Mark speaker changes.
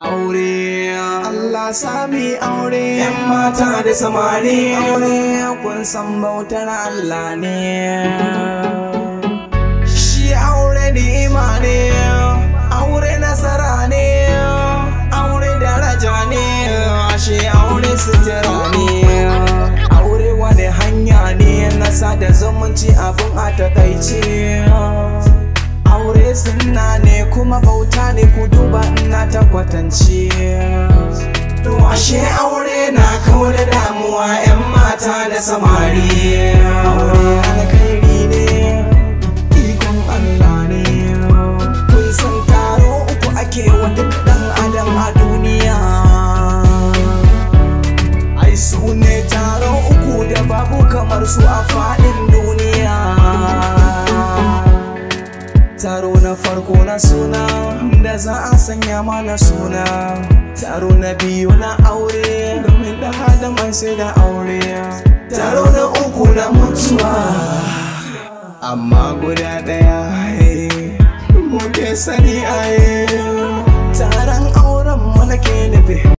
Speaker 1: aure Allah sami aure yan mata da samari aure kun san bautar Allah ne shi aure ni'ima ne aure nasara ne aure daraja ne shi aure sutura ne aure wani hanya ne na da zumunci abin a takaice aure sunna ne kuma bauta ne kudu na ta kwatance to ashe aure na kawo da damuwa 'yan mata da samari aure alkhairi ne ikon Allah ne kun san taro uku ake wa duk dan adam a duniya ai su ne taro uku da babu kamar su a faɗin duniya taro farko na suna da za a sanya mana suna taro na biyu na aure domin da hada mai sai da aure taro na uku na mutuwa amma guda daya eh, muke sani a aye